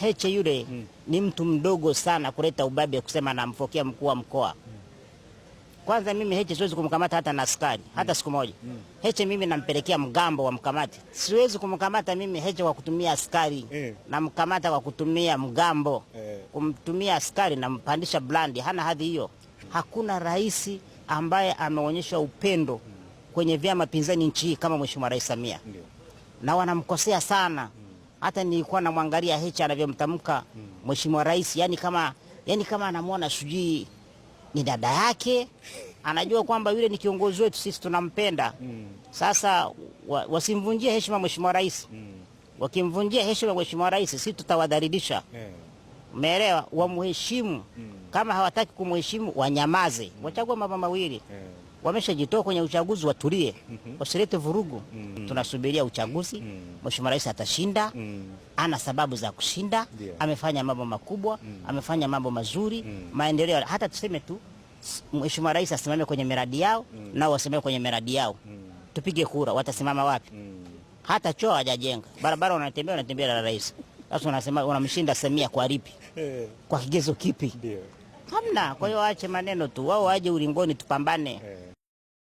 Heche yule mm. ni mtu mdogo sana kuleta ubabe kusema namfokea mkuu wa mkoa mm. Kwanza mimi Heche siwezi kumkamata hata na askari hmm. hata siku moja mm. Heche mimi nampelekea mgambo wa mkamati, siwezi kumkamata mimi Heche kwa kutumia askari hmm. namkamata kwa kutumia mgambo hmm. kumtumia askari nampandisha blandi, hana hadhi hiyo. Hakuna rais ambaye ameonyesha upendo kwenye vyama pinzani nchi hii kama Mheshimiwa Rais Samia mm. na wanamkosea sana mm hata nilikuwa namwangalia hicho anavyomtamka mheshimiwa rais, yani kama yani kama anamwona sijui ni dada yake, anajua kwamba yule ni kiongozi wetu, sisi tunampenda. Sasa wa, wasimvunjie heshima mheshimiwa rais. Wakimvunjia heshima mheshimiwa rais, sisi tutawadhalilisha. Umeelewa? Wamheshimu. Kama hawataki kumheshimu, wanyamaze, wachague mambo mawili wameshajitoa kwenye uchaguzi, watulie, mhm. wasilete vurugu. Mhm. Tunasubiria uchaguzi, mhm. mheshimiwa rais atashinda, ana sababu za kushinda, amefanya mambo makubwa, amefanya mambo mazuri, maendeleo. Hata tuseme tu mheshimiwa rais asimame kwenye miradi yao, nao wasimame kwenye miradi yao, tupige kura, watasimama wapi? Hata choo hajajenga, barabara wanatembea, wanatembea na rais. Sasa unasema unamshinda Samia kwa lipi? Eh. Kwa kigezo kipi? Hamna. Kwa hiyo waache maneno tu, wao waje ulingoni, tupambane. Eh.